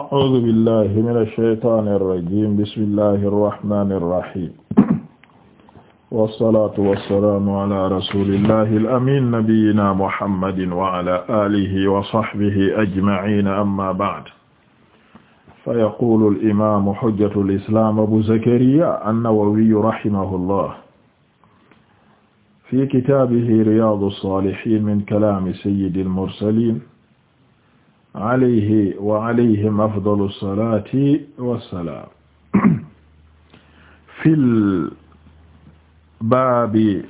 أعوذ بالله من الشيطان الرجيم بسم الله الرحمن الرحيم والصلاة والسلام على رسول الله الأمين نبينا محمد وعلى آله وصحبه أجمعين أما بعد فيقول الإمام حجة الإسلام أبو زكريا النووي رحمه الله في كتابه رياض الصالحين من كلام سيد المرسلين alayhi wa alayhim afdalu salaati wassalaam fil baabi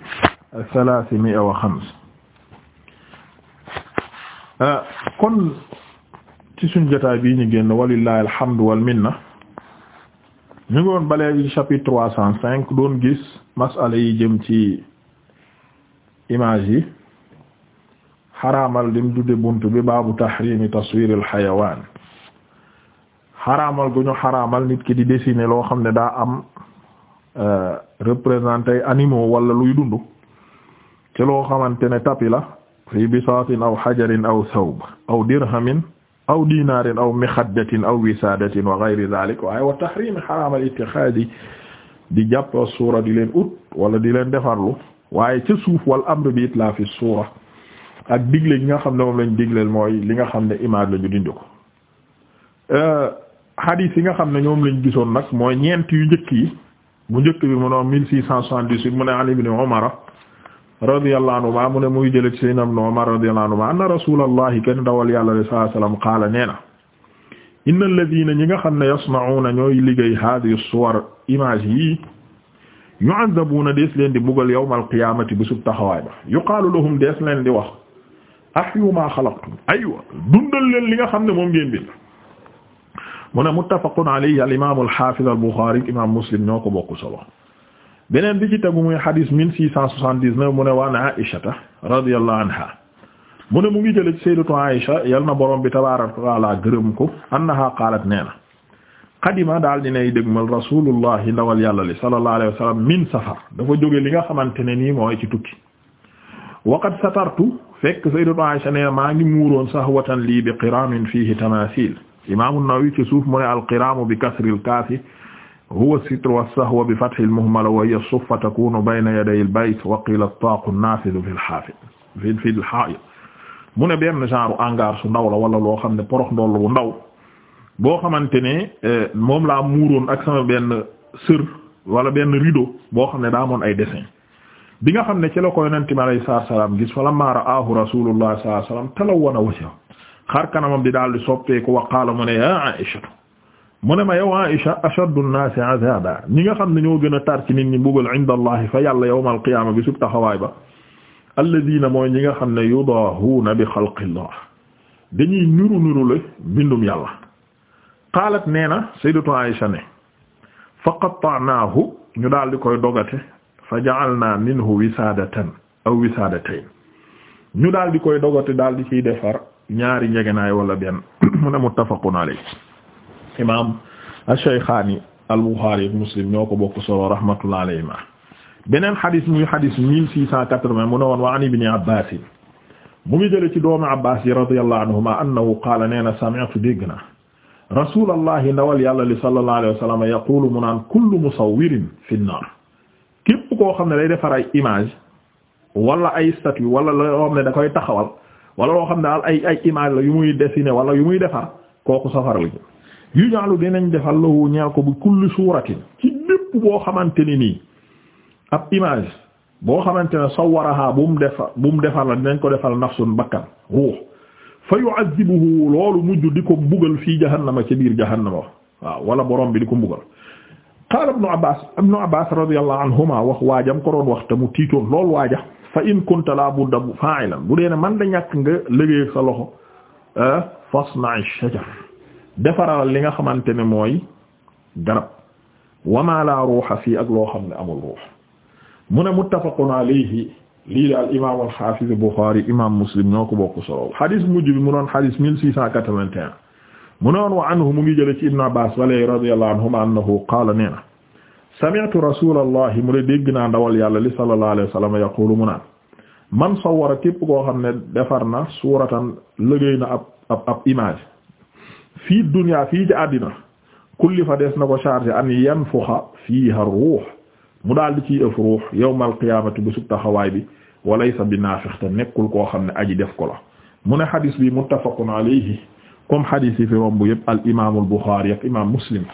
salaasimi'a wa xams ah, kon ci suñu jotaay bii ñu génn walillahi alhamdu wal minna ñu ngi woon balee bi chapitre trois cent cinq doon gis masala yi jëm ci image yi xaraamal lim tudde bunt bi baabu tahrimi taswir al xayawaan xaraamal gu ñu xaraamal nit ki di dessiner loo xam ne daa am euh, représenté animaux wala luy dund ci loo xamante ne tapi la fii bisaatin aw xajarin aw thawb aw dirhamin aw dinaarin aw mixaddatin aw wisaadatin wa gayri dalik waaye wa tahrimi xaraamal itixaadi di jàpp suura di leen ut wala di leen defarlu waaye ca suuf wal amr bi fi suura ak digle gi nga xam ne moom lañ digleel mooy li nga xam ne image la ñu dindi ko euh, hadith yi nga xam ne ñoom lañ gisoon nag mooy ñeent yu njëkk yi bu njëkk bi mu noon mille six cent soixante-dix-huit mu ne an ibni omara radiyallahu anhuma mu ne muy jële ci sayyidina ibn umar radiyallahu anhuma anna rasulallahi kenn dawal yàlla sallallahu alayhi wasallam qaala nee na inna alladhina ñi nga xam ne yasna'una ñooy liggéey hadhihi suwar image yi yu'adhabuna dees leen di buggal yawmal qiyamati bisub taxawaay ba yuqaalu lahum dees leen di wax ahyu ma xalaqtum aywa dundal leen li nga xam ne moom ngeen bind mu ne muttafaqun alayhi al imam al hafiz al bukhari imam muslim ñoo ko bokk solo beneen bi ci tegu muy hadis mille six cent soixante-dix-neuf mu ne waan aishata anha mu ne mu ngi jël jële ci sayyidatu aisha yal na borom bi tabaaraka wa ta'ala gërëm ko annaha qaalat nee na qadima daal dinay dégmal rasulullah ndawal yàlla li sallallahu alayhi wa sallam min safar dafa joge li nga xamante ne ni mooy ci tukki waqad satartu fekk Sayyidatu Aisha nee maa ngi muuroon sahwatan lii bi qiraamin fiihi tamaasil Imaam An-Nawawi ci suuf mu ne al-qiraamu bi kasril kaafi huwa as-sitru was-sahwa bi fathil muhmala wa hiya as-suffa takunu bayna yadayil bayt wa qiila at-taaqu an-naafidu mu ne benn genre angaar su ndaw la wala loo xam ne porox ndoll bu ndaw boo xamante ne eh, moom laa muuroon ak sama benn sër wala benn rido boo xam ne daa amoon ay dessin bi nga xam ne ci la ko ma bi alayhi salaam gis fa lammaa ra'aahu rasuulullahi sallallahu kanamam di daal di soppeeku wa qaala mu ne ya Aïsha ma yow Aïsha ashaddu an-naasi azaaba ñi nga xam ne ñoo gën a tar ci nit ñi mbugal inda allahi fa yàlla yawmal qiyaama bi sub taxawaay ba alladiina mooy ñi nga xam ne yudaahuuna bi xalqillah dañuy niru niru la bindum yàlla qaalat nee na sayyidatu Aïsha ne fa qatta'naahu ñu daal di koy dogate fa ja'alna minhu wisaadatan aw wisaadatayn ñu daal di koy dogate daal di ciy defar ñaari njegenaay wala benn mu ne muttafaqun alayhi imaam ash-shaykhaani al-Buxaari ak Muslim ñoo ko bokk solo rahmatullahi alayhima beneen xadis muy xadis mille six cent mu ne woon wa an ibni Abbaas mu ngi jële ci doomu Abbaas yi radiyallahu anhuma annahu qaala nee na sami'tu dégg na rasuulullahi ndawal yàlla li sallallahu alayhi wa sallam yaqulu mu naan kullu musawwirin fi nnaar képp koo xam ne day defar ay image wala ay statue wala loo xam da koy taxawal wala loo xam ne daal ay ay image la yu muy dessiner wala yu muy defar kooku safara lañu yu ñaalu dinañ defal lahu ñaa ko bu kulli suuratin ci lépp boo xamante ni nii ab image boo xamante ne sawaraha bu mu defar bu mu defar la dinañ ko defal nafsun bakkan ruux fa yu'azzibuhu loolu mujj di ko mbugal fii jahannama ci biir jahannama waaw wala borom bi di ko mbugal qaala ibnu abbas ibnu abbas radiyallahu anhuma wax waajam ko doon wax te mu tiitoon lool waaja fa in kunta la budda fa'ilan bu dee ne man da ñàkk nga liggéey sa loxo eh, fasna'i shajar defaral li nga xamante ne mooy garab wama la ruuxa fii ak loo xam ne amul ruux mu ne muttafaqun alayhi lii la al imam al hafiz Bukhari imam Muslim ñoo ko bokk solo xadis mujj bi mu doon xadis 1681 mu anhu mu ngi jële ci ibnu abbas walay radiyallahu anhuma annahu qaala nee na sami'tu rasulallahi mu ne ndawal yàlla li sallallahu alayhi wa sallam yaqulu mu man sawara képp koo xam ne defar na suuratan liggéey na ab ab ab image fii dunya fii ci àddina kulli fa des na ko chargé an yanfuxa fiiha ruux mu daal di ciy ëf ruux yawmal qiyaamati bu sub taxawaay bi walaysa bi naafix te nekkul koo xam ne aji def ko la mu ne xadis bi muttafaqun alayhi comme hadith yi fi romb yëpp al imaamul Buxaari ak imaam Muslim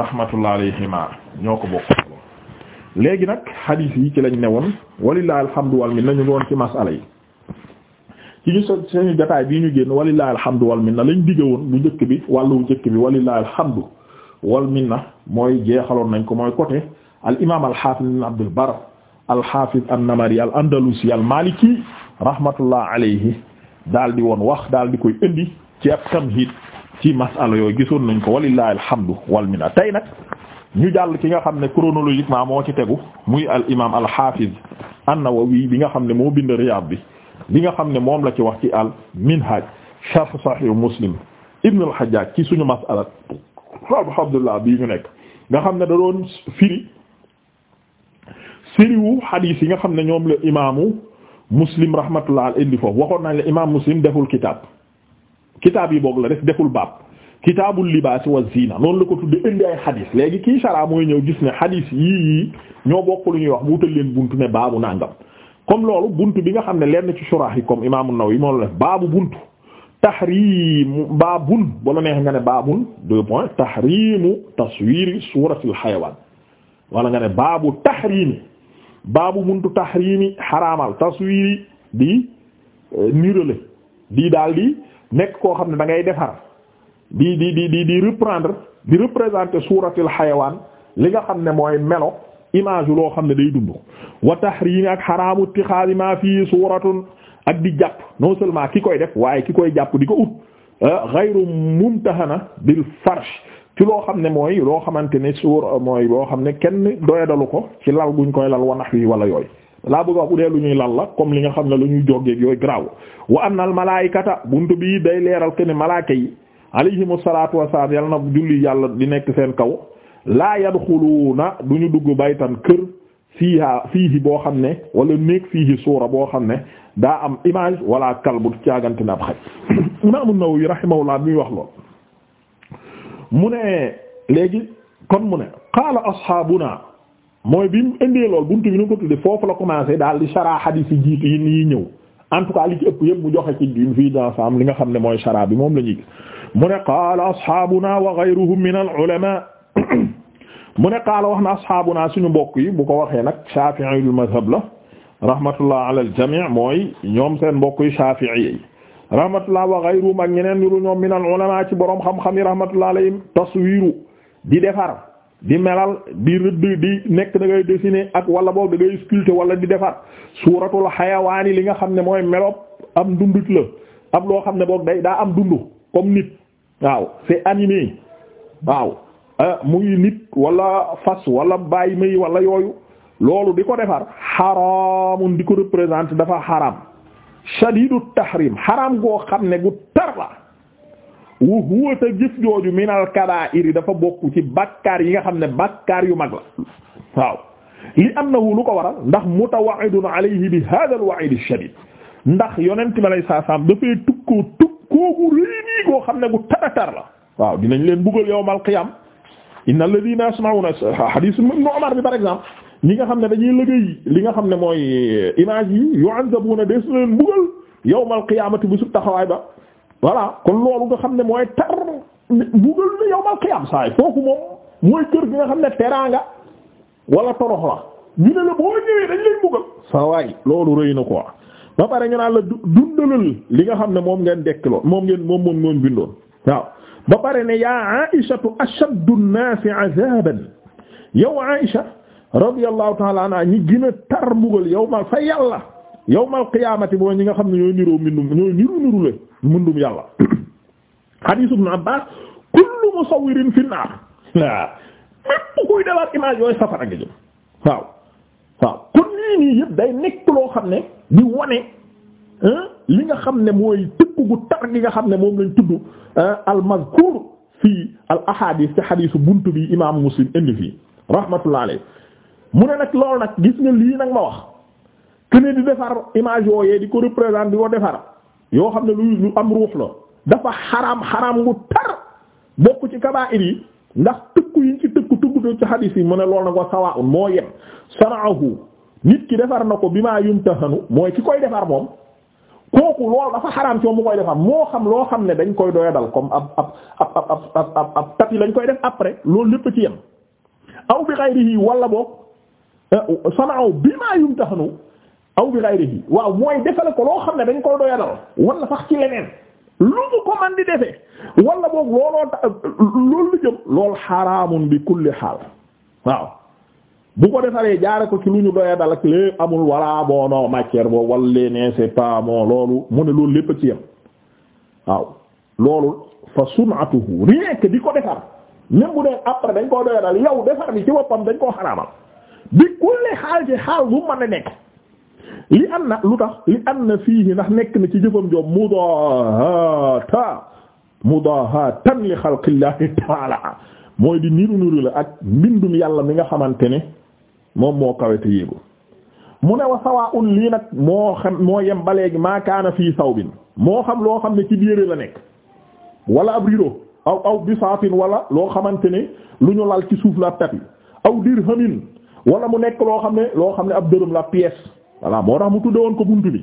rahmatullah alayhima ñoo ko bokk léegi nag hadith yi ci lañ ne woon walillahi alhamdu wal minna ñu ngi woon ci masala yi ci ñu so suñu jotaay bii ñu génn walillahi alhamdu wal minna lañ digge woon bu njëkk bi wàllu njëkk bi walillahi alhamdu wal minna mooy jeexaloon nañ ko mooy côté al imaam al hafiz ibn Abdul Barr al hafiz an-Namari al andalusi al maliki rahmatullah alayhi daal di woon wax daal di koy indi. ci ab tamhid ci masala yooyu gisoon nañ ko walillahi alhamdu wal minna tey nag ñu jàll ci nga xam ne chronologiquement moo ci tegu muy al imam al hafiz an-Nawawi bi nga xam ne moo bind bi bi nga xam ne moom la ci wax ci al minhaj sharh sahih Muslim ibn al Hajjaj ci suñu masala alhamdulillah bii ñu nekk nga xam ne da doon firi firiwu hadith yi nga xam ne ñoom la imaamu Muslim rahmatullah al indi foofu waxoon nañ la imam Muslim deful kitab kitaab yi boog la def deful baab kitaabul libaas wa zina noonu la ko tudde indi ay xadis léegi kii shara mooy ñëw gis ne xadis yii yii ñoo bokk lu ñuy wax mu utal leen buntu ne baabu nangam comme loolu buntu bi nga xam ne leen lenn ci shuraax yi comme imaamu yi moo la def baabu buntu tahrimu baabun bala neex nga ne baabun deux points tahrimu taswiri suratil xayawaan wala nga ne baabu tahrimi baabu buntu tahrimi xaraamal taswiri di nirale di daal di nekk koo xam ne da ngay defar di di di di di reprendre di représenter suuratil xayawaan li nga xam ne mooy melo image loo xam ne day dund wa tahrimi ak xaraamu ittixaadi ma fii suuratun ak di jàpp non seulement ki koy def waaye ki koy jàpp di ko ut ghayru ah, mumtahana bil farsh ci loo xam ne mooy loo xamante ne suur mooy loo xam ne kenn doyadalu ko ci lal guñ koy lal wanax wi wala yooyu laa bëgg wax bu dee lu ñuy lal la comme li nga xam ne lu ñuy jógeeg yooyu graw wa annal malaayikata buntu bii day leeral ke ne malaaka yi alayhimu salaatu wasalaam yàlla na julli yàlla di nekk seen kaw laa yadxuluuna du ñu dugg baytan kër fiiha fiihi boo xam ne walla néeg fiihi suura boo xam ne daa am image wala kalbu caagante na ab xaj imaamu Nawawi rahimahullah muy wax lool mu ne léegi kon mu ne qaala ashaabuna mooy bi mu indee lool buntu bi nu ko tuddee foofu la commencé daal di chara hadith yi jiitu yi nii ñëw en tout li ci ëpp yëpp mu joxe ci une vie d'ensemble li nga xam ne mooy saraa bi moom la ñuy gis mu ne qaala ashaabuna wa ghayruhum min al-ulama mu ne qaala wax na ashaabuna suñu mbokk yi bu ko waxee nag shafi'iyul mazhab la rahmatullah ala al mooy ñoom seen mbokk yi shafi'i yi rahmatullah wa ghayruhum ak ñeneen ñu ñoom min al-ulama ci borom xam-xam yi rahmatullah alayhim taswiru di defar. di melal di rëdd di nekk da ngay dessiner ak wala boog da ngay sculpter wala di defar suuratul xayawaani li nga xam ne mooy melop am dundut la ab loo xam ne boog day daa am dundu comme nit waaw c'est animé waaw ah, muy nit walla fas wala bàyyi may wala yooyu loolu di ko defar xaraamun di ko représenter dafa xaraam shadiidut tahrim xaraam goo xam ne gu tar la wa huwa ta gis jooju minal kabaa'iri dafa bokk ci bakkaar yi nga xam ne bakkaar yu mag la waaw li annahu lu ko waral ndax mutawa'idun alayhi bi hadha al-wa'id ash-shadid ndax yonent bi alayhi salaam dafay tukkoo tukkoo bu réenii koo xam ne bu taratar la waaw dinañ leen buggal yawmal qiyaam innal ladina yasma'una hadith ibn Umar bi par exemple ñi nga xam ne dañuy liggéey li nga xam ne mooy image yi yu'anzabuna des leen buggal yawmal qiyaamati bi su taxawaay ba voilà kon loolu nga xam ne mooy tar bugal na yowmal qiyam saay foofu moom mooy kër gi nga xam ne teraanga wala torox la ñu la boo ñëwee dañ lay bugal sa loolu rëy na quoi ba pare ñu naan la dundalal li nga xam ne moom ngeen dekkiloon moom ngeen moom moom moom bindoon waaw ba pare ne yaa aïshatu ashaddu an-naasi yow aïsha radiyallahu ñi gën tar bugal yow fa yàlla yawmal qiyaamati mooy ñi nga xam ne ñooy niroo mbindum ñooy niru niru la mbindum yàlla xadiis ibn Abbaas kullu musawwirin fi naar waaw bépp yooyu safara nga jëm waaw waaw kon day nekk loo xam ne di wone li nga xam ne mooy tëkk gu tar gi nga xam ne moom lañ tudd al mazkur fii al ahadis ci bi imaamu Muslim indi fii rahmatullah alayhi mu ne nag loolu nag gis nga lii nag ma wax que ne di defar image yooyee di ko représenter di ko defar yoo xam ne lu lu am ruux la dafa xaraam xaraam ngu tar bokk ci kabaa'ir yi ndax tëkku yiñ ci tëkku tuggdo ci hadis yi mu ne loolu nag wa sawaa'un moo yem sanaahu nit ki defar na ko bi maa yumtahanu mooy ki koy defar moom kooku loolu dafa xaraam moo xam loo xam ne dañ koy doyadal comme ab ab ab lañ koy def après loolu lépp ci yem aw bi ghayrihi wala boog eh, sanaahu bi aw bi ghayrihi waaw mooy defal ko loo xam ne dañ koy doyalal wala sax ci leneen lu mu ko man di defee wala boog looloo ta loolu lu jëm lool xaraamun bi kulli xaal waaw bu ko defaree jaare ko ci lu ñu doyadal ak lépp amul wala bon non matière boobu wala nee c'est pas loolu mu ne loolu lépp ci yam waaw loolu fa sun'atuhu rien di ko defar même bu dee après dañ koo doyadal yow defar bi ci boppam dañ koo xaraamal bi kulli xaal ci xaal bu mën a nekk. li am lu tax li am na fii ndax nekk na ci jëfam joom mudaahata mudaahatan li xalqillahi taala mooy di niru niru la ak mbindum yàlla mi nga xamante ne moom moo kawete yéegu mu ne wa sawaa un lii nag moo xam moo yem ba léegi maa kaana fii sawbin moo xam loo xam ne ci biir la nekk wala ab rido aw aw bisaatin wala loo xamante ne lu ñu lal ci suuf la ab tapi aw dirhamin wala mu nekk loo xam ne loo xam ne ab dërëm la pièce voilà moo tax mu tudde woon ko buntu bi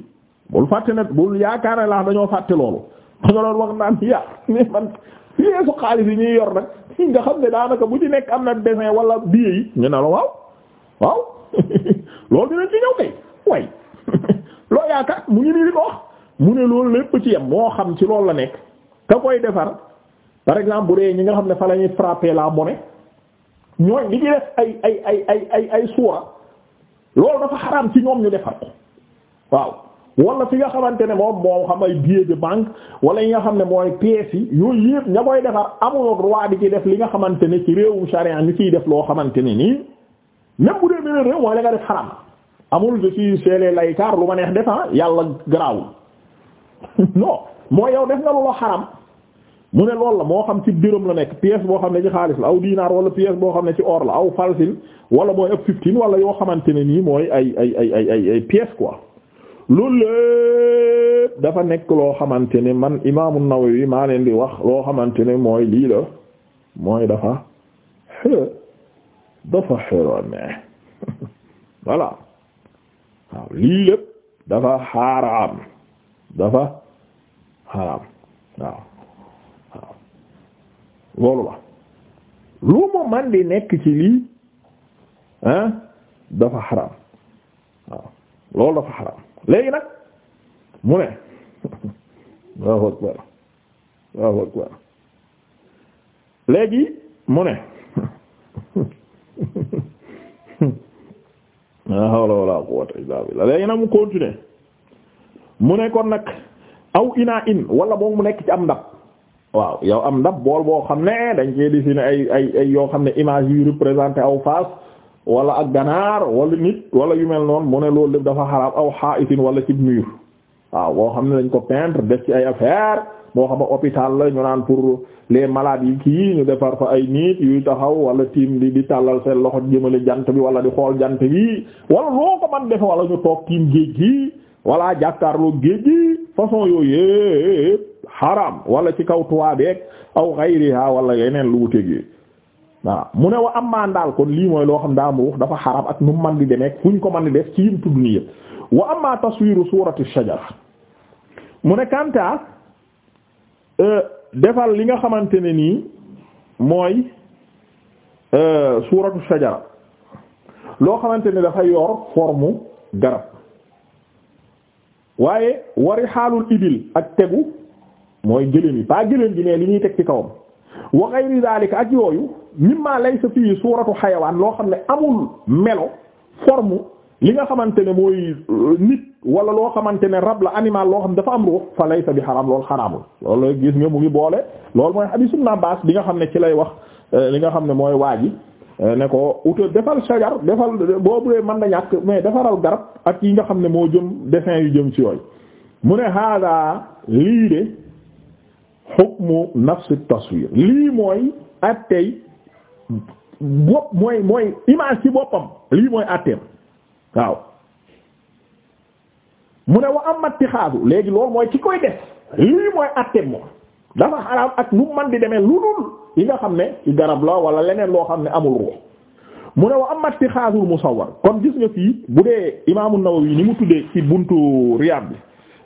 bul fàtte ne bul yaakaar laa dañoo fàtte loolu da nga doon wax naan yaa ñuy yor nag nga xam ne daanaka bu ci nekk am na dessin wala billet yi ñu ne la waaw loolu dinañ ci ñëw kay way loo yaakaar mu ngi nii di ko wax mu ne loolu lépp ci yam moo xam ci loolu la nekk ka koy defar par exemple bu dee ñi nga xam ne fa la ñuy frapper la monnaie ñooñ li ci def ay ay ay ay ay ay suura loolu dafa xaraam ci ñoom ñu defar waaw wala fi nga xamante ne moom moo xam ay billet de banque wala yi nga xam ne mooy pièces yi yooyu yëpp ña koy defar amuloo droit di ci def li nga xamante ne ci réewum charia ni ciy def loo xamante ne nii même bu dee beneen réew mooy la nga def xaraam amul de ci seelee lay kaar lu ma neex def ah, yàlla garaawul non mooy yow def nga lu la xaraam. mu ne loolu la moo xam ci dërëm la nekk pièce boo xam ne ci xaalis la aw diinaar wala pièce boo xam ne ci or la aw falsin wala mooy ab fifteen wala yoo xamante ne nii mooy ay ay ay ay ay ay pièce quoi loolu dafa nekk loo xamante ne man imaamu Nawawi maa leen di wax loo xamante ne mooy lii la mooy dafa dafa xaram voilà waaw lii lépp dafa xaram dafa xaram waaw loolu la lu mu man di nekk ci lii ah dafa xaram waaw loolu dafa xaram léegi nag mu ne Allahu akbar Allahu akbar mu ne la hawla wala quwwata léegi nag mu continuer mu ne kon nag aw ina in wala boog mu nekk ci am ndab waaw yow am ndab bool boo xam ne dañ cee dessiné ay ay ay yoo xam ne image yuy représenté aw faas wala ak ganaar wala nit wala yu mel noon mu ne loolu lépp dafa xaraam aw xaa'itin wala ci mur waaw boo xam ne dañ ko peindre def ci ay affaire moo xam ne hôpital la ñu naan pour les yi kii ñu defar fa ay nit yuy taxaw wala tiim di di tàllal seen loxo jëmale jant bi wala di xool jant bi wala loo ko man defe wala ñu toog tiim géej gi walla jàkkaarloo géej gi façon yooyu yëpp haram wala ci kaw toit beeg aw xayriha wala yeneen lu wuteeg yi waaw mu ne wa am maan daal kon lii mooy loo xam daa mu wax dafa haram ak nu man di demee fu ñu ko man di def ci yim tudd nii yëpp wa amma taswiru surati shajara mu ne kanta e, defal li nga xamante ne nii mooy e, suratu shajara loo xamante ne dafa yor forme garab waaye wari xaalul ibil ak tegu mooy gëléem yi pas gëléem gi ne li ñuy teg ci kawam wa ghayri zalika ak yooyu mimma laysa fii suuratu xayawaan loo xam ne amul melo forme li nga xamante ne mooy euh, nit wala loo xamante ne rab la animal loo xam dafa am ruux fa laysa bi xaram loolu xaraamul loolu gis nga mu ngi boole loolu mooy hadiisu Ibn Abbaas bi nga xam ne ci lay wax euh, li nga xam ne mooy waaji Euh, ne ko uta defal sajar defal boobu dee man na ñàkk mais defaral garab ak yi nga xam ne moo jëm dessin yu jëm ci yooyu mu ne hada lii de hukmu nafsi taswir lii mooy attey bopp mooy mooy image ci boppam lii mooy atteem waaw mu ne wa xaasu léegi loolu mooy ki koy def lii mooy atteem moom dafa xaraam ak nu man di demee lu dul yi nga xam ne ci garab la wala leneen loo xam ne amul ruux mu ne wa amatti xaasul musawwar kon gis nga fii bu dee imaamu Nawawi ni mu tuddee ci buntu Riyad bi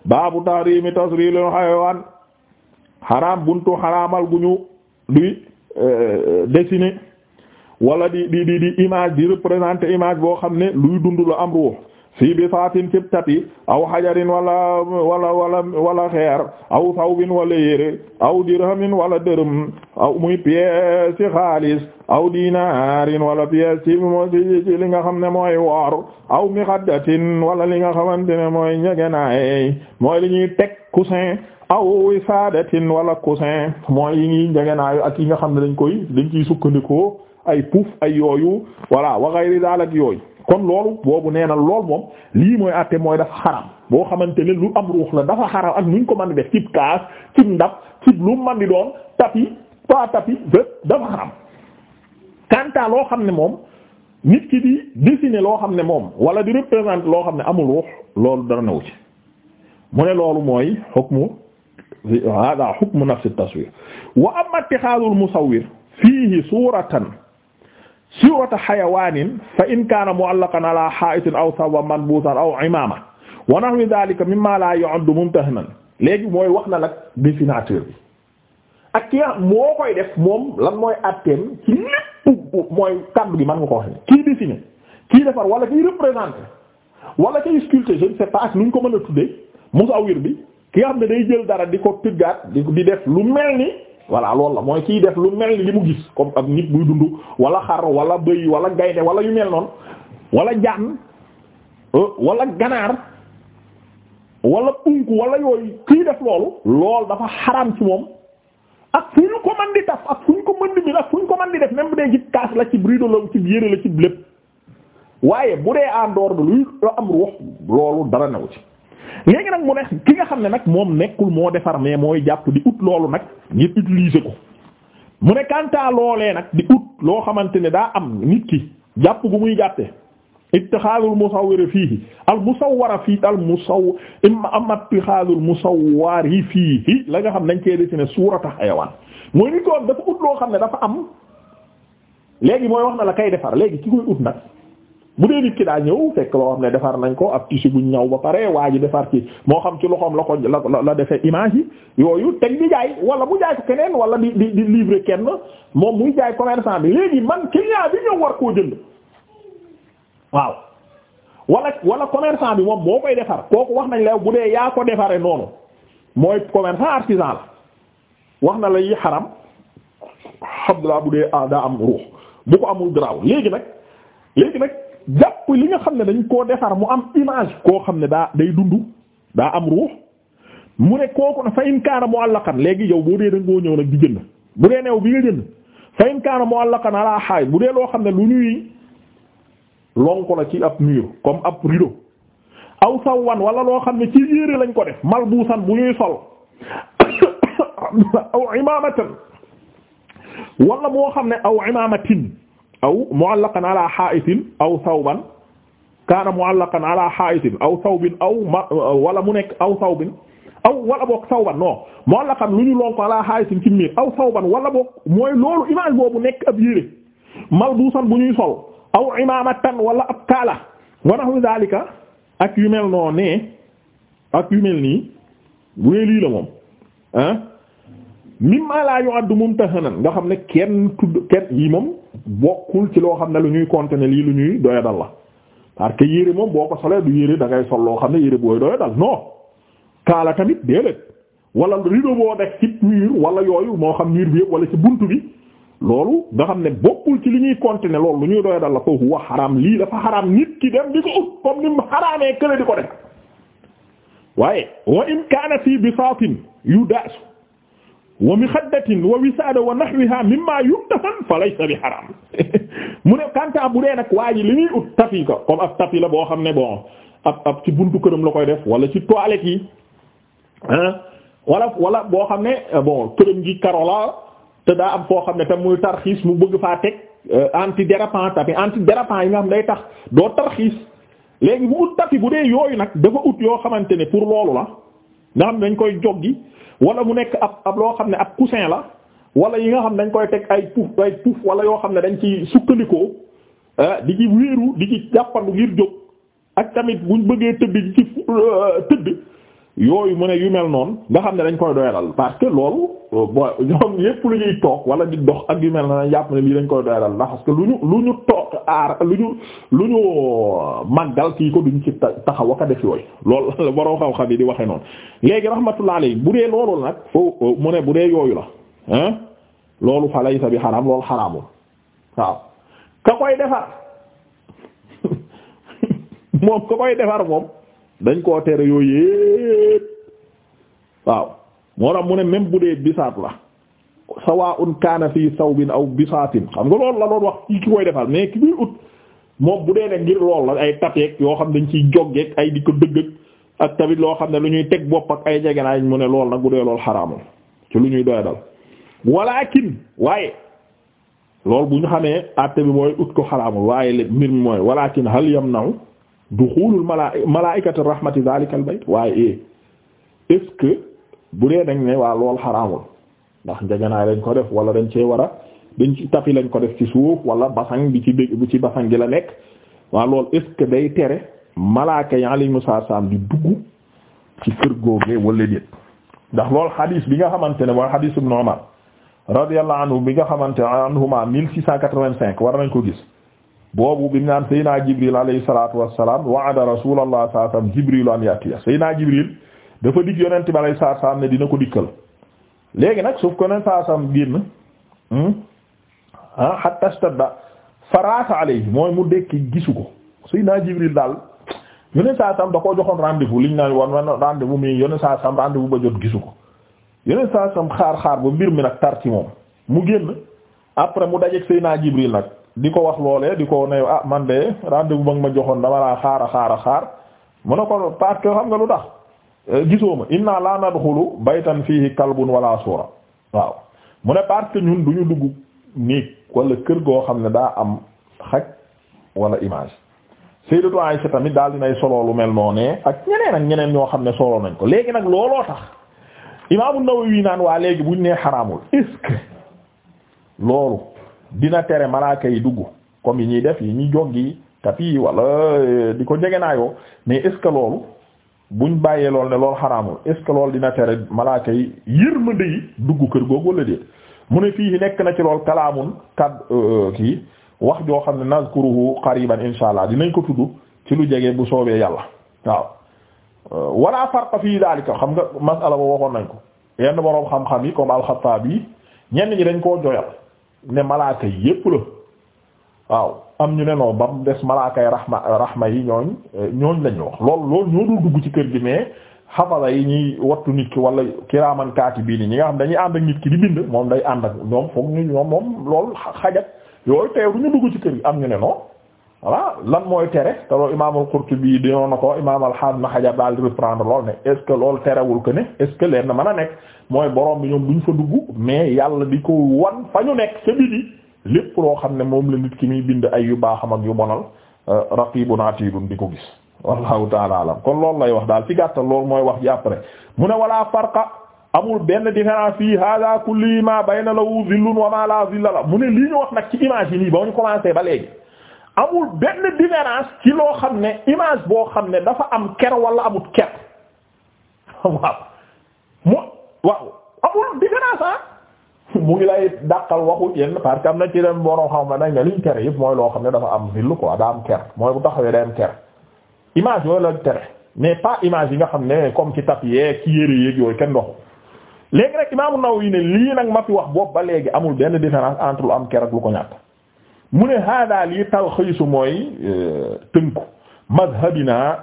baabu tahrimi tasrilil xayawaan xaraam buntu xaraamal gu ñu di euh, dessiner wala di di di di image di représenter image boo xam ne luy dund la am ruux fii bisaatin cib tati aw xajarin wala wala wala wala xeer aw sawbin wala yére aw dirhamin wala dërëm aw muy pièce ci xaalis aw dinaarin wala pièce ci moo ci li nga xam ne mooy woor aw mixaddatin wala li nga xamante ne mooy njegenaay mooy li ñuy teg coussin aw wisaadatin wala coussin mooy yi ñuy njegenaayu ak yi nga xam ne dañ koy dañ ciy sukkandikoo ay puuf ay yooyu voilà wa gayri ak yooyu kon loolu boobu nee na lool moom lii mooy àtte mooy dafa xaram boo xamante ne lu am ruux la dafa xaram ak nuñ ko man di def cib kaas cib ndab cib lu mën di doon tapi pas tapi dafa xaram kanta loo xam ne moom nit ki di dessiner loo xam ne moom wala di représenter loo xam ne amul ruux loolu dara naw ci mu ne loolu mooy hukmu hada hukmu nafs at-taswir wa amma ittixaadul musawwir fiihi suuratan siwata xayawaanin fa in kaana mu'allaqan ala haa'itin aw sawwa manbuusan aw imaama wa nahwi dhaalika mimmaa laa yu'addu mumtahanan léegi mooy wax na nag dessinateur bi ak ki moo koy def moom lan mooy atteem ci lépp mooy kàddu gi man nga ko wax ne kii dessiner wala kii représenter wala kii sculpter je ne sais ak nu ko mën a tuddee musawir bi ki nga xam ne day jël dara di ko tëggaat di def lu mel ni voilà loolu la mooy kiy def lu mel ni li mu gis comme ak nit buy dund wala xar wala bëy wala gaynde wala yu mel noonu wala jaan euh, wala ganaar wala unk wala yooyu kiy def loolu lool dafa xaram ci moom ak fu ñu ko mën di taf ak fu ñu ko mën di mil ak fu ñu ko mën di def même bu dee la ci rido la ci yére la ci lépp waaye bu dee en dehors de am ruux loolu dara new ci léegi nag mu ne ki nga xam ne nag moom nekkul moo defar mais mooy jàpp di ut loolu nag ngir utiliser ko mu ne kantaa loolee nag di ut loo xamante ne daa am nit ki jàpp gu muy jàppe ittixaadul mu saw war a fii al musaw mu saw ittixaadul musawwari fii la nga xam nañ cee dessiné suurata xayawaan mooy nit ko dafa ut loo xam ne dafa am léegi mooy wax na la kay defar léegi ki koy ut nag bu dee nit ki daa ñëw fekk loo xam ne defar nañ ko ab tissu buñ ñaw ba pare waa ji defar ci moo xam ci loxoom la ko la la defee image yooyu teg di jaay wala bu jaay ko keneen wala di di di livrer kenn moom muy jaay commerçant bi léegi man client bi ñëw war koo jënd waaw wala wala commerçant bi moom moo koy defar kooku wax nañ la bu dee yaa ko defaree noonu mooy commerçant artisan la wax na la yi xaram xam laa bu dee daa am ruux bu ko amul garaaw léegi nag jàpp li nga xam ne dañ koo defar mu am image koo xam ne daa day dund daa am ruux mu ne kooku na fa in kaana mu'allaqan léegi yow boo dee da ñëw nag di jënd bu dee neew bi nga jënd fa mu kaana mu'allaqan ala bu dee loo xam ne lu ñuy lonko la ci ab mur comme ab rideau aw sawwan wala loo xam ne ci yére lañ ko def malbuusan bu ñuy sol aw imaamatan wala moo xam ne aw imaamatin aw mu'allaqan ala ha'itin aw thawban kaana mu'allaqan ala aw thawbin aw mu nekk aw thawbin aw wala boog thawban non mu'allaqan lu ñu lonko ala ha'itin ci aw thawban wala boog mooy loolu image boobu nekk ab yére malbuusan bu ñuy sol aw imaamatan wala ab kaala wa nahwu zaalika ak yu mel noo ne ak yu mel bu dee la moom ah mimma la yu'addu mumtahanan nga xam ne kenn tudd kenn yi moom. bokkul ci loo xam ne lu ñuy contenir lii lu ñuy doyadal la parce que yére moom boo ko solee du yére dangay ngay sol loo xam ne yére booy doyadal non kaala tamit déedéet wala rido boo def ci mur wala yooyu moo xam mur bi yëpp wala ci bunt bi loolu nga xam ne bokkul ci li ñuy contenir loolu lu ñuy doyadal la foofu wax xaram lii dafa xaraam nit ki dem di ko ut comme ni mu xaraamee kële di ko def waaye wa in kaana fii bisaatin yu daasu mi wa mixaddatin wa wisaada wa nahwiha mimma yuktafan fa laysa bi haram mu ne kanta bu dee nag waa ji li ñuy ut tapi ko comme ab tapi la boo xam ne bon ab ab ci buntu këram la koy def wala ci toilette yi ah wala wala boo xam ne euh, bon këram gi karola te daa am foo xam ne tam muy tarxiis mu bëgg faa teg euh, antidérapant tapi antidérapant yi nga xam day tax doo tarxiis léegi bu ut tapi bu dee yooyu nag dafa ut yoo xamante ne pour loolu la nga xam ne koy joggi wala mu nekk ab ab loo xam ne ak coussin la wala yi nga xam ne dañ koy teg ay puuf ay puuf wala yoo xam ne dañ ci sukkandikoo eh, di ci wéeru di ci jàppandu ngir jóg ak tamit buñ bëggee tëdd di ci eh, tëdd yooyu mu ne yu noonu nga xam ne dañ koy doyalal parce que loolu euh, bo ñoom yépp lu ñuy toog wala di dox ak yu mel na jàpp ne lii dañ koy doyalal ndax parce que lu ñu lu ñu toog aar lu ñu lu ñu euh, màggal kii ko duñ ci taxaw ak a def yooyu loolu waroo xaw-xam yi di waxee noonu léegi rahmatullah alayhi bu dee loolu nag fo euh, mu ne bu dee yooyu la hein loolu fa laysa bi xaraam loolu xaraamul waaw ka koy defar moom ka koy defar moom dañ koo tere yooyu yépp waaw moo tax mu ne même bu dee bisaat la sawaa'un kaana fii sawbin aw bisaatin xam nga loolu la doon wax ki koy defal mais ki muy ut moom bu dee ne ngir lool la ay tapeek yoo xam dañ ciy joggeek ay di ko dëgg ak tamit loo xam ne lu ñuy teg bopp ak ay jegenaay mu ne lool nag bu dee lool xaraamul ci lu ñuy doy dal walaakin waaye loolu bu ñu xamee àtte bi mooy ut ko xaraamul waaye mbir mi mooy walaakin hal naw duxulul mala malaikati rahmati zalika al bayt waaye eh, est-ce bu dee dañ ne waa lool xaraamul ndax njaganaay lañ ko def wala dañ cee war a dañ ci tapi lañ ko def ci suuf wala basang bi ci bi ci basang gi la nekk waa lool est-ce que day tere malaaka yi alayhimu salaam di dugg ci kër googee wala déet ndax lool xadiis bi nga xamante ne mooy xadiis ibnu Umar radiyallahu anhu bi nga xamante anhuma 1685 war nañ ko gis boobu bi naan Seydina Jibril alayhi salaatu wassalaam wa'ada rasuulullah sallallahu alayhi wasallam Jibril an yatiya Seydina Jibril dafa dig yonent bi alayhi salaatu ne dina ko dikkal léegi nag suuf ko ne saasam génn hmm? ah hatta stadda farasa alayhi mooy mu dekki gisu ko Seydina Jibril daal yonent saasam da koo joxoon rendez-vous liñ naan wan rendez-vous mi yonent saasam rendez-vous ba jot gisu ko yonent saasam xaar xaar ba mbir mi nag tar ci moom mu génn après mu dajeek Seydina Jibril nag di ko wax loole di ko ne ah man de rendez-vous ma joxoon dama laa xaara xaara xaar mu ne ko parce xam nga lu tax euh, gisoo ma inna la nadxulu baytan fihi kalbun wala suura waaw mu ne parce que ñun duñu dugg néeg wala kër goo xam ne daa am xaj wala image Sayyidatu Aisha tamit daal dinay solo lu mel noonee ak ñeneen ak ñeneen ñoo xam ne solo nañ ko léegi nag looloo tax Imaamu Nawawi naan waa léegi buñ nee xaraamul loolu dina tere malaaka yi dugg comme yi ñuy def yi ñuy joggi tapi wala euh, di ko jegenaayoo mais est ce que loolu buñ bàyyee lool ne lool xaraamul est ce que dina tere malaaka yi yërmande yi dugg kër googu wala déet mu ne fii nekk na ci lool kalaamun kad euh, kii wax joo xam ne nazkuruhu qariban insha allah dinañ ko tudd ci lu jege bu soobee yàlla waaw euh, wala farqa fii daalika xam nga masala ba waxoon nañ ko yenn boroom xam-xam yi comme al yi ñenn ñi dañ koo joyal ne malaaka yi yépp la waaw am ñu ne non ba mu des malaakay rahma rahma yi ñooñ ñooñ lañ wax lool lool ñoo dul dugg ci kër gi mais xafala yi ñuy wattu nit ki wala kiraaman kaatibiin ñi nga xam dañuy ànd ak nit ki di bind moom day ànd ak ñoom foog ñu ñoom moom lool xajat yooyu teew ñu dugg ci kër gi am ñu ne voilà lan mooy tere te loolu imaamul Qurtubi dinoon na ko imaam al-Hafiz Ibn Hajar daal di reprendre lool ne est-ce que loolu terewul que ne est leen na mën a nekk mooy borom bi ñoom duñ fa dugg mais yàlla di ko wan fa ñu nekk ca biti lépp loo xam ne moom la nit ki muy bind ay yu baaxam ak yu bonal euh, raqibun atidun di ko gis wallahu taala alam kon loolu lay wax daal ci gàttal loolu mooy wax ji après mu ne wala farqa amul benn différence fii hada kulli ma bayna lahu zillun wa la zilla la wax nag ci image yi nii ba ñu commencé ba léegi amul benn différence ci loo xam ne image boo xam ne dafa am ker wala amut ker waaw mu waaw amul différence ah mu ngi lay dàqal waxu yenn parce que am na ci dem borom xam ma dañ ne liñ ker yëpp mooy loo xam ne dafa am zill quoi daa am ker mooy bu taxawee day am ker image yooyu lañ tere mais pas image yi nga xam ne comme ci tapis yeeg ci yére yeeg yooyu kenn doxu léegi rek Imaamu Nawawi ne lii nag ma fi wax boobu ba léegi amul benn différence entre lu am ker ak ko ñàkk. mu ne yi lii talxiisu mooy euh, tënku mazhabina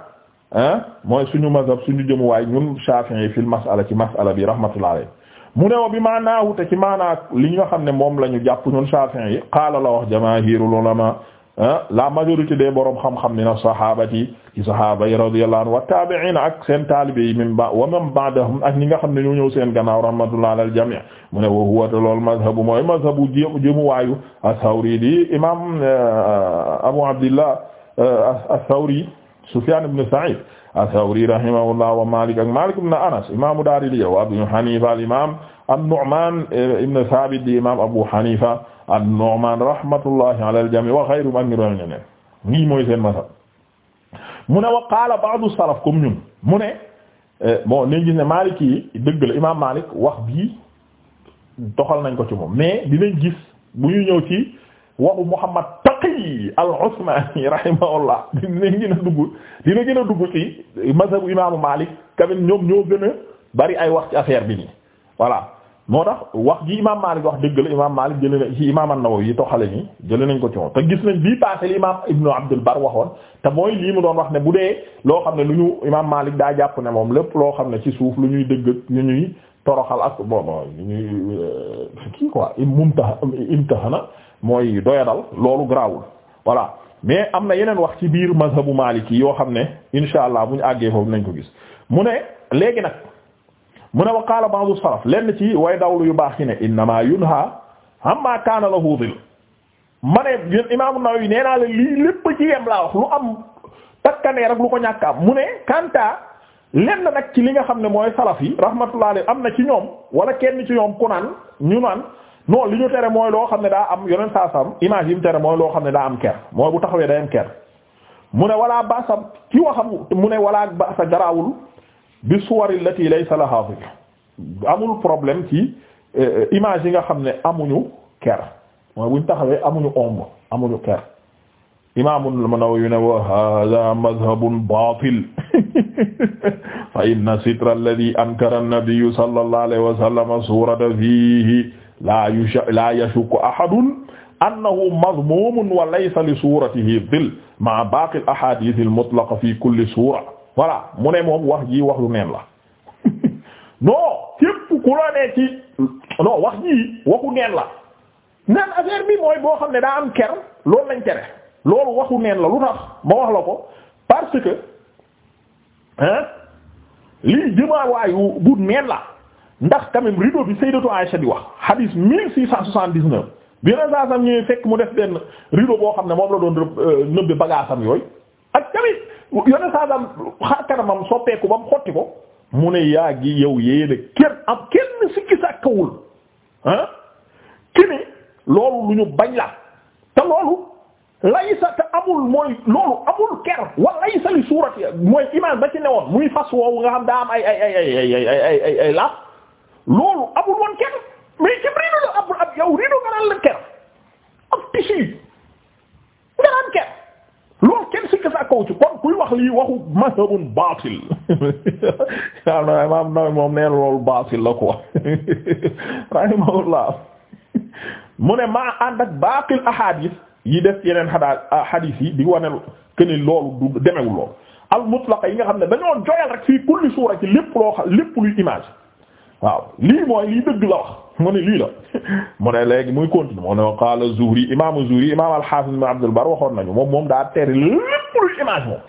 ah mooy suñu mazhab suñu jëmuwaay ñun Shafi'i fil mas'ala ci mas'ala bi rahmatullah alayhi mu ne wa bi maanaahu te ci maanaa li nga xam ne moom la ñu jàpp ñun Shafi'i qaala la wax jamaahirul ulama Ah, la majorité des borom xam-xam ni na sahabati ci sahaba yi radiyallahu anhu wa tabi'in ak seen taalibe yi min ba wa man ba'dahum ak ñi nga xam ne ñoo ñëw seen gannaaw rahmatullah alal jami' mu ne wa huwa lool mazhabu mooy mazhabu jëmu waayu as-Sawri di imam eh, Abu Abdillah eh, as-Sawri Sufyan ibn Sa'id as-Sawri rahimahullah wa Malik ak Malik ibn Anas imamu daaril hijra wa Abu Hanifa al-imam an-Nu'man eh, ibn Thabit di imam Abu Hanifa an-Nu'man rahmatullahi ala al-jami' wa ghayruhum ak ngiroon ñeneen nii mooy seen masal mu ne wa qaala ba'du salaf comme ñun mu ne eh, bon nañ gis ne Maalik yi dëgg la imam Maalik wax bii doxal nañ ko ci moom mais dinañ gis bu ñu ñëw ci waxu Muhammad Taqi al-Usmani rahimahullah dinañ gën a dugg dina gën a dugg ci mazhabu imaamu Maalik tamit ñoom ñoo gën a bari ay wax ci affaire bi nii voilà moo tax wax ji imaam Maalik wax dëgg la imaam Maalik jëlee na ci imaam An-Nawawi yi toxale nii jëlee nañ ko ci moom te gis nañ bii passé li imaam Ibnu Abdul Bar waxoon te mooy lii mu doon wax ne bu dee loo xam ne lu ñu imaam Maalik daa jàpp ne moom lépp loo xam ne ci suuf lu ñuy dëgg lu ñuy toroxal ak bon bon lu ñuy euh, kii quoi mumta imtahana mooy doyadal loolu grawul voilà mais am na yeneen wax ci biir mazhabu Maalik yi yoo xam ne insha allah bu ñu àggee foofu nañ ko gis mu ne léegi nag. mu ne wa qaala ba'du salaf lenn ci way dawlu yu baax yi ne innama yunha amma kaana lahu dhil ma ne imaamu Nawawi nee naa la lii lépp ci yem laa wax lu am takkanee rek lu ko ñàkk am mu ne kanta lenn nag ci li nga xam ne mooy salaf yi rahmatullah am na ci ñoom wala kenn ci ñoom ku naan ñu naan non li ñu tere mooy loo xam ne daa am yeneen saa sam image yi mu tere mooy loo xam ne daa am ker mooy bu taxawee day am ker mu ne walaa basam ci mu ne walaa basa garaawul bi suwari lati laysa laha zikr amul problème ci euh, image yi nga xam ne amuñu ker mooy buñ taxawee amuñu ombre amuñu ker imaamul Nawawi ne wa hada madhabun batil fa inna sitra alladhi ankara an-nabiy sallallahu alayhi wa sallam surata fihi la la yashukku ahadun annahu madmumun wa laysa li suratihi dhil ma'a baqi al-ahadith al-mutlaqa fi kulli sura voilà mu ne moom wax ji wax lu neen la non képp ku la ne ci non wax ji waxu neen la naan affaire bi mooy boo xam ne daa am ker loolu lañ tere loolu waxu neen la lu tax ma wax la ko parce que hein lii jëmaawaayu bu neen la ndax tamit rideau bi Sayyidatu Aisha di wax hadith 1679 bi na saa sam ñëwee fekk mu def benn rideau boo xam ne moom la doon euh, nëbbi bagaasam yooyu ak tamit yone saa dam xar kanamam soppeeku ba mu xotti ko mu ne yaa gi yow yéena kenn am kenn sikki sàkkawul ah kini loolu lu ñu bañ la te loolu laysa te amul mooy loolu amul ker wa laysa li suurati mooy imaan ba ci newoon muy fas woowu nga xam daa am ay ay ay ay ay loolu amul woon ker mais ci la ab ab yow riidu nga naan la ker ab tissu lii waxu mazhabun baatil waaw na imaam Nawawi baatil la quoi rahimahullah mu ne maa ànd ak baaqil ahadis yi def yeneen xadaa hadis yi di wane que ni loolu demewul lool al mutlaqa yi nga xam ne dañoo joyal rek fii kulli suura ci lépp loo xam lii mooy lii dëgg la wax mu lii la mu ne léegi muy continue mu ne qaala Zuhri imaamu Zuhri imaam al-Hafiz ibn Abd al-Barr waxoon nañu moom moom daa tere lépp luy moom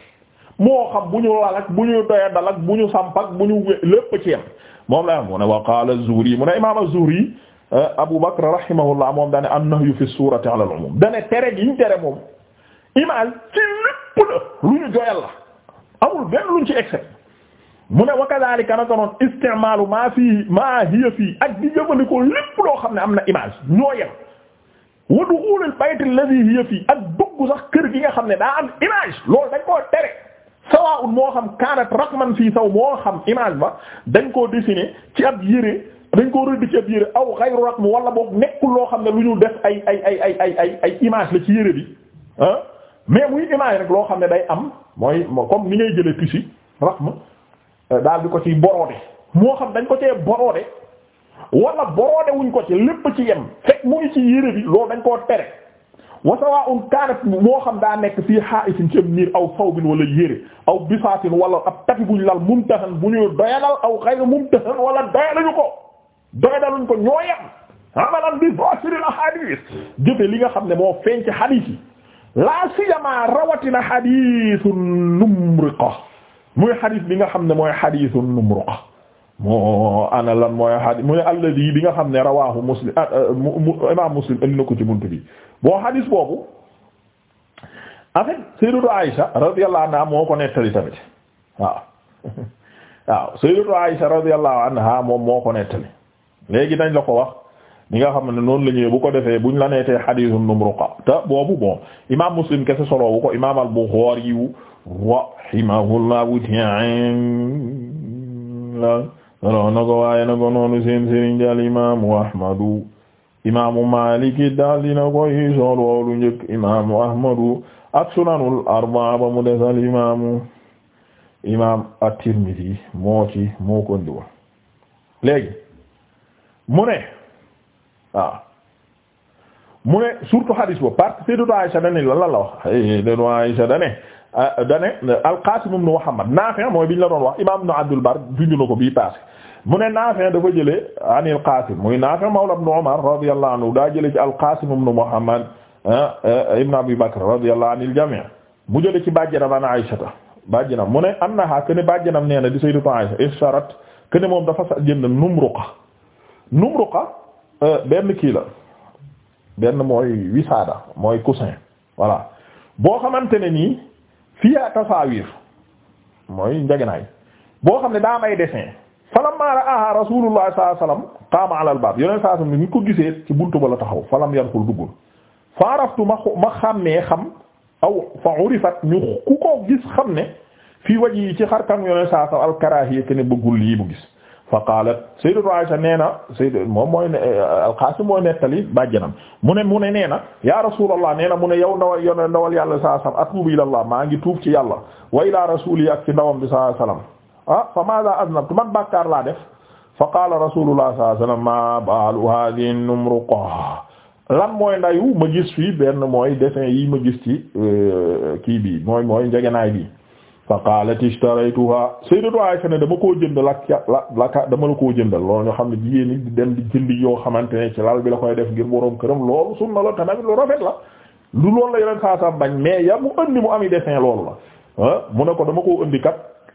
moo xam bu ñu lal bu ñu doyandal ak bu ñu samp bu ñu lépp ci moom la mu ne wa qaala az-Zuhri mu ne imaam az-Zuhri euh, Abu Bakr rahimahullah moom dane an-nahyu fi suurati ala al-umum dane tere gi ñu tere moom imaam ci lépp la lu ñu doyal la amul benn luñ ci mu ne wa kadhalika naka noonu isticmaalu maa fii maa hiya fii ak di jëfandikoo lépp loo xam ne am na image ñoo yem wa duxuulul bayt alladhi hiya fii ak dugg sax kër gi nga xam ne daa am image loolu dañ koo sawaa'un moo xam kaanat raqman fii saw moo xam image ba dañ koo dessiné ci ab yére dañ koo rëdd ci ab yére aw ghayru raqm wala boog nekkul loo xam ne lu ñu def ay ay ay ay ay ay ay image la ci yére bi ah mais muy image rek loo xam ne day am mooy comme ni ngay jëlee tissu raqm euh, daal di ko ci boroode moo xam dañ ko cee boroode wala boroode wuñ ko ci lépp ci yem fekk mu ngi ci yére bi loolu dañ koo tere. wa sawa'un kanat moo xam daa nekk fii ha'isin ci miir aw sawbin wala yére aw bisaatin wala ab tapi buñ lal mumtahan bu ñu doyalal aw ghayr mumtahan wala doyaluñu ko doyadaluñ ko ñooyam amalan bi zahiril ahadith jëfe li nga xam ne moo feeñ ci hadith yi la siyama rawatina hadithu muy hadith bi nga xam ne mooy hadithu numriqa moo ana lan mooy hadith mooy alladi bi nga xam ne rawahu muslim ah, ah, imam muslim indi na ko ci buntu bi boo xadis boobu en fait sayyidatu Aisha radiyallahu anha moo ko nettali tamit waaw waaw sayyidatu Aisha radiyallahu anha moo ko nettali léegi nañ la ko wax ñi nga xam ne noonu la ñëwee bu ko defee buñ la neetee xadisu numruqa te boobu bon imam Muslim kese solo wu al-Bukhari yu rahimahullahu ta'ala la solo waaye na ko noonu seen imaamu Ahmadu imaamu Maalik daal dina koy solo lu njëkk imaamu Ahmadu ak sunanul arba'a ba mu desal imaamu imaam at-Tirmidhi moo ci moo ko indi woon mu ne waaw mu ne surtout hadis boobu parce que Sayyidatu Aisha dane lan la wax Sayyidatu Aisha dane dane al-Qaasim ibn Muhammad Naafi' mooy biñ la doon wax imaam Ibn Abdul Barr jundu na ko bii passé mu ne Naafi' dafa jële an al-Qaasim muy Naafi' mawla ibn Umar radiyallahu daa jëlee ci al-Qaasim ibn Muhammad ah, eh, ibn Abi Bakr radiyallahu anil jamii' mu jëlee ci bàjjanam an Aysata bàjjanam mu ne annahaa kaana bàjjanam nee na di sayyidatu Aysa ishtarat kaana moom dafa jënd numruqa numruqa eh, benn kii la benn mooy wisaada mooy coussin voilà boo xamante ne nii fiya tasawir mooy njaginaay boo xam ne daa may dessin falammaa ra'aahaa rasuulullaah sallallaahu alayhi wa sallam qaama alal baab yeneen saa sallam ni ko gisee ci buntu ba la taxaw falam yadxul duggul fa araftu ma ma xàmmee xam aw fa urifat ñu ku ko gis xam ne fii waj yi ci xar kanam yeneen saa sallam alkaraahiya ne bëggul lii mu gis. fa qaalat sayyidatu Aisha nee na sayyid moom mooy euh, alqaasim mooy nettali bàjjanam mu ne mu ne nee na ya rasulallah nee na mu ne yow ndawal yone ndawal yàlla sallallahu alayhi wa sallam atuubu ilallah maa ngi tuub ci yàlla wa ila rasuuli ak ci ndawam bi sallallahu alayhi wa sallam ah fa maada aznabtu man bàkkaar laa def fa qaala rasulullah sallallahu alayhi wasallam ma baalu hadhihi numruqa lan mooy ndayu ma gis fii benn mooy dessin yi ma gis ci euh, kii bi mooy mooy njegenaay bi fa qalat ishtaraytuha sayyidatu Aisha ne dama koo jënd lak la laka dama la koo jëndal loolu ñoo xam ne jigéen ñi di dem di yoo xamante ne ci lal bi la koy def ngir boroom këram loolu sunna la tamit lu rafet la lu loolu la yeneen saa saa bañ mais ya mu andi mu ami dessin ah, ko dama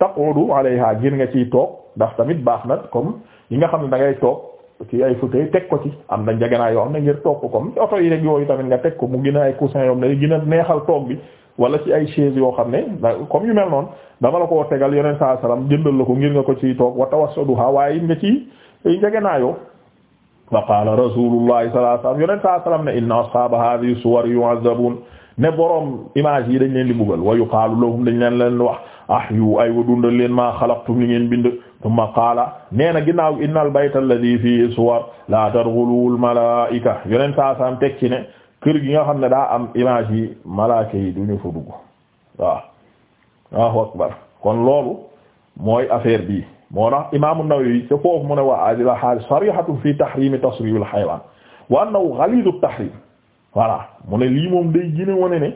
taqudu alayha ngir nga ciy toog ndax tamit baax na comme yi nga xam ne da ngay toog ci ay fauteuil teg ko ci am na njëgënaay yoo xam ne ngir toog ko comme ci oto yi rek yooyu tamit nga teg ko mu gën a ay coussin yoo xam ne gën a neexal toog bi wala ci ay chaise yoo xam ne comme yu mel noonu dama la koo tegal yeneen saa salaam jëndal la ko ngir nga ko ciy toog wa tawassaduha waaye it nga ciy njëgënaayoo. wa qaala rasuulullahi sallallahu alayhi wasallam yeneen saa salaam ne inna ashaaba hadhihi suwar yu'azzabun ne borom image yi dañ leen di buggal wa yuqaalu lahum dañ leen leen wax ahyu ay wa dundal leen maa xalaqtum li ngeen bind tumma qaala nee na ginnaaw innal bayta alladhi fihi suwar la tadxulul malaa'ika yoneen saasaam kër gi nga xam ne daa am image yi malaaka yi du waaw waaw akbar kon loolu mooy affaire bi moo tax imaamu Nawawi ca foofu mu ne wa hadhihi al fi tahrimi tasrib al-hayawan wa annahu ghalidu mu ne lii moom day gën wone ne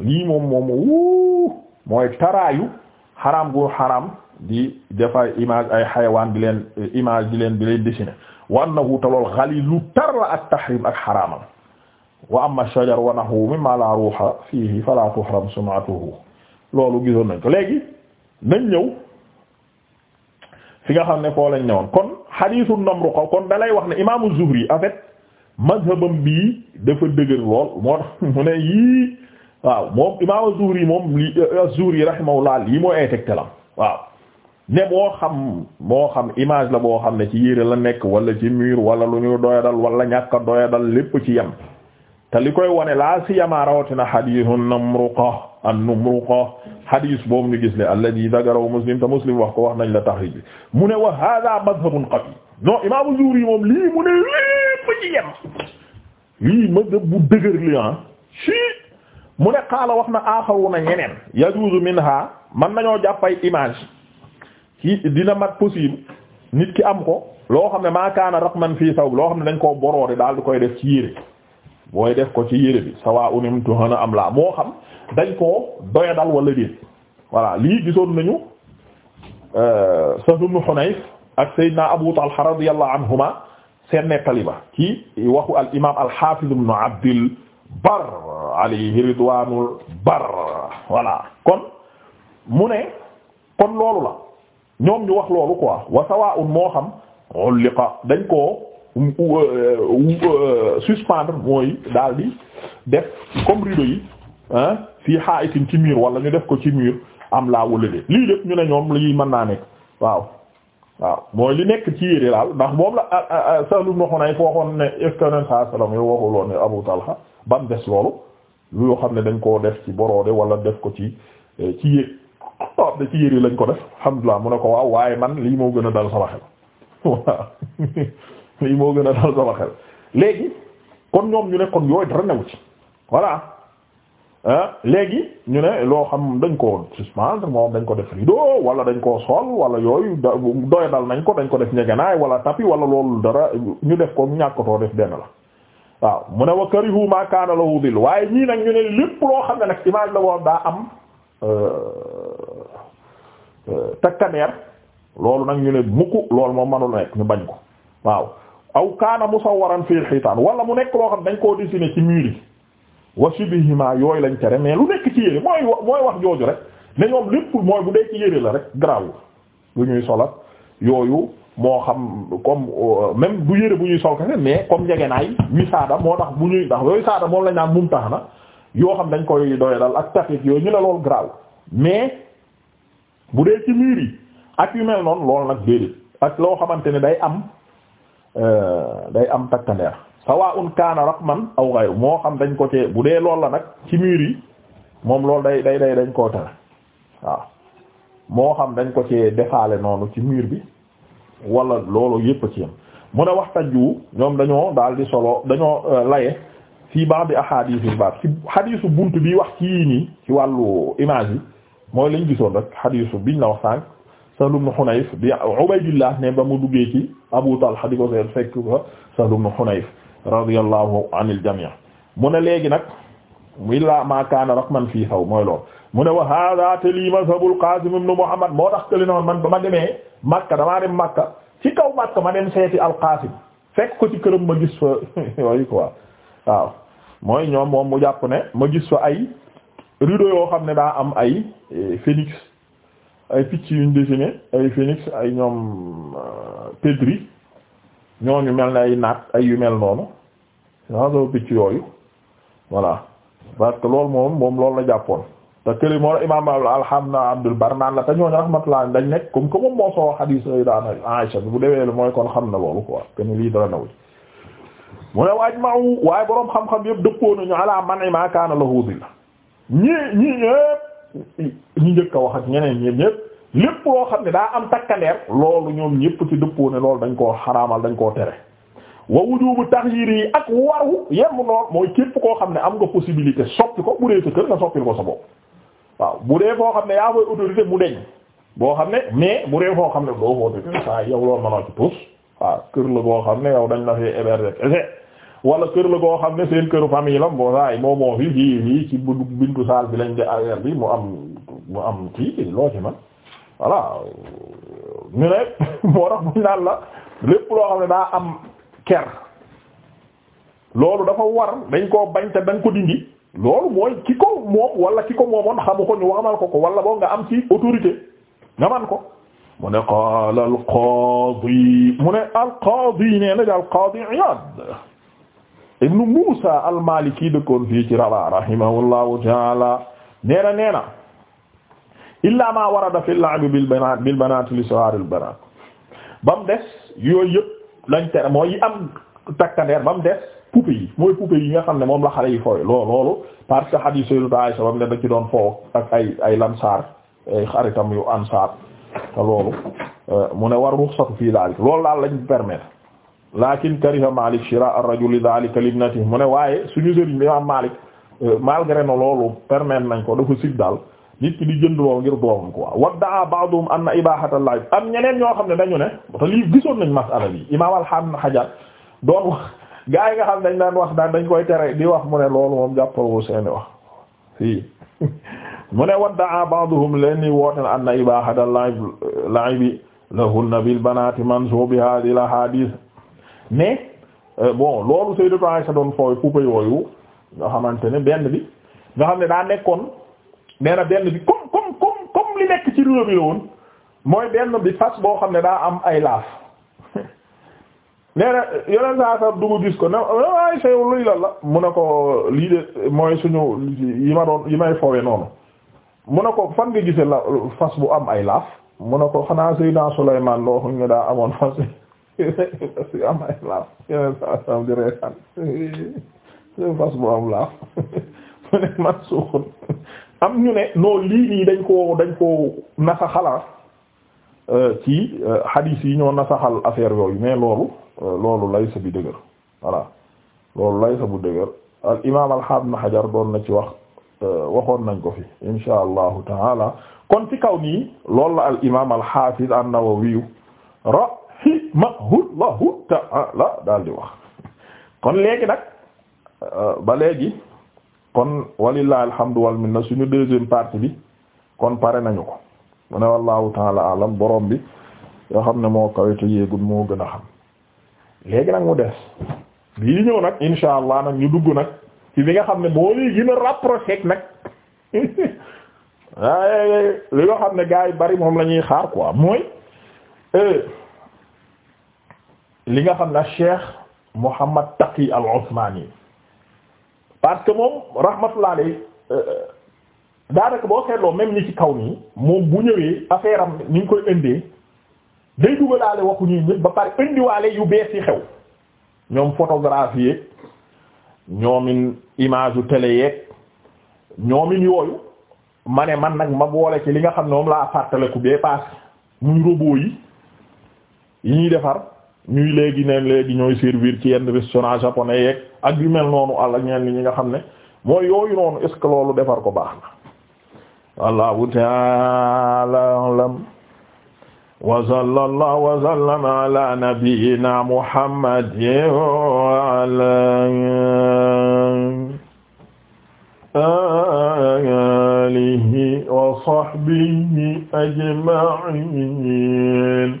lii moom moom mooy taraayu xaraam gu xaraam di def ay image ay xayawaan di leen eh, image di leen di leen dessiner wa annahu talool xali lu tar la ak tahrim ak xaraamal wa amma shajar wa nahwu mimma la ruha fihi fala tuhram sum'atuhu loolu gisoon nañ ko léegi nañ ñëw fi nga xam ne foo lañ ñëwoon kon xadiisu namru xaw kon dalay wax ne imaamu Zuhri en fait mazhabam bii dafa dëgër lool moo tax mu ne yii waaw moom imaam Zuhri moom li Zuhri rahimahullah lii moo ay tegtalam waaw ne moo xam moo xam image la boo xam ne ci yére la nekk wala ci mur wala lu ñu dal wala ñàkk a doyadal lépp ci yem te li koy wane laa si yamaa rawatina hadithu namruqa an namruqa hadith boobu nu gis le alladhi dhakarahu muslim te muslim wax ko wax nañ la taxrij bi mu ne wa hadha madhhabun qawi non imaamu Zuhri moom lii mu ne lépp ci yem lii madhab bu dëgër li ah mu ne xaala wax na aaxaru na ñeneen yajuzu minha man nañoo jàpp ay image ci dina mat possible nit ki am ko loo xam ne maakaana raqman fii saw loo xam ne dañ koo boroori daal di koy def ci yére booy def ko ci yére bi sawa unim tuhana am laa moo xam dañ koo doyadal wala déet voilà lii gisoon nañu euh, Sahl ibn Hunayf ak Seydina Abu Talha radiyallahu anhuma seen nettali ba ci waxu al imaam al hafiz ibn Abdil bar alayhi ridwaanul bar voilà kon mu ne kon loolu la ñoom ñu wax loolu quoi wa sawaa'un moo xam ulliqa dañ ko euh, euh, euh, suspendre mooy daal di def comme rideau yi ah fii ha'itin ci mur wala ñu def ko ci miir am laa wala lii lépp ñu ne ñoom lii mën naa nekk waaw. waaw mooy li nekk ci yére daal ndax moom la lu ibn Hunayf foo xoon ne est-ce que salaam yow waxul woon Abu Talha ba mu des loolu yoo xam ne dañ ko def ci boroode wala def ko ci eh, ci yéeg waaw ah, da ci lañ ko def alhamdulilah mu ne ko waaw waaye man lii moo gën a dal sama xel waaw lii moo gën a dal sama xel léegi kon ñoom ñu ne kon yooyu dara newu ci voilà ah, léegi ñu ne loo xam dañ ko suspendre moom dañ ko def rideau wala dañ koo sol wala yooyu doya dal nañ ko dañ ko def ñegenaay wala tapi wala loolu dara ñu def ko ñàkkatoo def benn la waaw mu ne wa karihu ma kaana lahu dil waaye ñii nag ñu ne lépp loo xam ne nag image la woon daa am euh, euh, takkaneer loolu nag ñu ne mukk loolu moom manul nekk ñu bañ ko waaw aw kaana musawwaran fii xiitaan wala mu nekk loo xam dañ koo dessiné ci mur yi wa shibihima yooyu lañ tere mais lu nekk ci yére mooy mooy wax jooju rek ne ñoom lépp mooy bu dee ci yére la rek garaawul lu ñuy solat yooyu moo xam comme euh, même bu yëre bu ñuy sol kese mais comme njegenaay wi saada moo tax bu ñuy ndax yooyu saada moom lañ naan mum tax na yoo xam dañ koy doyalal ak taxit yooyu ñu la lool graw mais bu dee ci miir yi ak yu mel noonu loolu nag déedéet ak loo xamante ne day am euh, day am takkandeer sawaa'un kaana man aw ghayru moo xam dañ ko ci bu dee lool la nag ci miir yi moom loolu day day dañ koo tere waaw moo xam dañ ko ci defaale noonu ci miir bi wala loolu yëpp a ci yam mu ne wax tajju ñoom dañoo daal di solo dañoo euh, laye fii baax bi ahadisul baab ci hadisu bunt bi wax ci yii nii ci wàllu image yi mooy lañ gisoon rek hadisu biñ la wax sànq Sahl ibn Hunayf bi Ubaydillah ne ba mu duggee ci Abu Talha di ko seet fekk fa Sahl ibn Hunayf radiyallahu anil jami' mu ne léegi nag illaa maa kaana man fii saw mooy lool mu ne wa hada te lii mazhabul Qaasim ibn Muhammad moo tax que man ba ma demee Makka damaa dem Makka ci kaw Makka ma dem seeti al-Qaasim fekk ko ci këram ma gis fa yooyu quoi waaw mooy ñoom moom mu jàpp ne ma gis fa ay rideau yoo xam ne daa am ay eh, phénix ay picc yuñ dessiné ay phénix ay ñoom euh, pédri ñooñu mel ne ay naat ay yu mel noonu waaw picc yooyu voilà parce que loolu moom moom loolu la jàppoon te këli moo la imam alhamna abdul bar naan la te ñooñu rahmatullah dañ nekk comme que moom moo soo xadiis ay daan Aisha bi bu demee lu mooy kon xam na loolu quoi ken lii dara naw mu ne ma waaye boroom xam-xam yëpp dëppoo nañu ala man ma kaana lahu dilla ñii ñii ñëpp ñu njëkk a wax ak ñeneen ñëpp ñëpp xam ne daa am takkandeer loolu ñoom ñëpp ci dëppoo ne loolu dañ koo xaraamal dañ koo tere wa wujubu taxyiir yi ak waru yem noonu mooy képp koo xam ne am nga possibilité soppi ko bu dee sa kër nga soppil ko sa bopp waaw bu dee foo xam ne yaa fay autorité mu deñ boo xam ne mais bu dee foo xam ne doo foote saa yow loolu mënoo ci la boo xam ne yow dañ la fi héberger kese la goo xam ne seen këru famille la saay moo moo fi fii fii ci bintu saal bi lañ de affaire bi mu am mu am kii loo ci man voilà ñu ne moo tax buñ naan la lépp loo xam ne daa am ker loolu dafa war dañ koo bañ ko dindi loolu mooy ki ko moom wala ki ko moomoon xamu ñu waxamal ko wala boo am ci autorité nga man ko mu ne qaala al qaadi mu ne al di al qaadi Iyaad Muusa al Maliki dëkkoon fii ci Rabat rahimahullahu taala nee na nee ma warada fi al la'b banaat li sawaar bam des yooyu lañ tere mooy am takkandeer ba mu des poupée yi mooy poupée yi nga xam ne moom la xale yi fooy lool loolu parce que hadith Sayyidatu Aisha ba mu ne da ci doon foo ak ay ay lansaar ay xaritam yu ansaar te loolu euh, mu ne war ruxsatu fii daalik loolu daal lañ permettre lakin kariha Malik shira ar-rajul dhalika li ibnatihi mu ne waaye suñu sëriñ bi Malik euh, malgré na loolu permettre nañ ko dafa sib daal nit ki di jënd lool ngir doom quoi waddaa ba'dhum anna ibaahatal laaj am ñeneen ñoo xam ne dañu ne te lii gisoon nañ masala yi imaam alxam xajar doon wax gaa yi nga xam dañ daan wax daan dañ koy tere di wax mu ne loolu moom jàppalwu seeni wax fii mu ne waddaa ba'dhum leen ni wooten anna ibaahatal laaj la'ibi lahunna bil banaati mansubi hadhihi al hadith mais euh, bon loolu Sayyidatu Aisha doon fooy poupée yooyu nga xamante ne benn bi nga xam ne daa nekkoon nee na benn bi comme comme comme comme li nekk ci réew bi la woon mooy benn bi fas boo xam ne daa am ay laaf nee na yeneen saa saa dugg gis ko ne waaye sa yow luy la la mu ne ko lii de mooy suñu yi ma doon yi may fowe noonu mu ne ko fan nga gisee la fas bu am ay laaf mu n ko xanaa Seydina Sulaymaan loo xam ne daa amoon fas yi am ay laaf yeneen saa saa di reetaan fas bu am laaf mu ne man suuxun am ñu ne non lii dañ ko dañ xalaa nasaxala ah, euh, ci euh, hadith yi ñoo nasaxal affaire yooyu mais loolu euh, loolu lay sa bi dëgër voilà loolu lay bu dëgër al imaam al na xajar doon na wax waxoon nañ ko fi insha allahu taala kon ci kaw nii loolu la al imaam al xaafiz an-Nawawi rahimahullahu taala daal di wax kon léegi nag ba léegi. kon walillahi alhamdu wal minna suñu deuxième partie bi kon pare nañu ko mu ne wallahu taala borom bi yoo xam ne moo kawite yéegul moo gën a xam léegi nag mu des bii di ñëw nag insha allah nag ñu dugg nag ci li nga xam ne moo lii gën a rapproché nag li nga xam ne gars yi bari moom la ñuy xaar quoi mooy euh, li nga xam ne Cheikh Mouhamad Taqi al Usmani parce que moom rahmatullah alayhi euh, euh, daanaka boo seetloo même ni ci kaw nii moom bu ñëwee affaire am ni ñu koy indee day dugalaale waxu ñuy ñëpp ba pare indiwaale yu bees yi xew ñoom photographie yeeg ñoomin image u télé yeeg ñoomin yooyu ma ne man nag ma boole ci li nga xam ne moom laa fàttaliku bee paase muy robot yi yi ñuy defar ñuy léegi neen léegi ñooy servir ci yenn restaurant japonais yeeg ak yu mel noonu àll ak ñi nga xam ne mooy yooyu noonu est loolu defar ko baax na wallahu ta'ala wa sallallahu wa sallama ala nabiyyina muhammadin wa ala alihi wa sahbihi ajma'in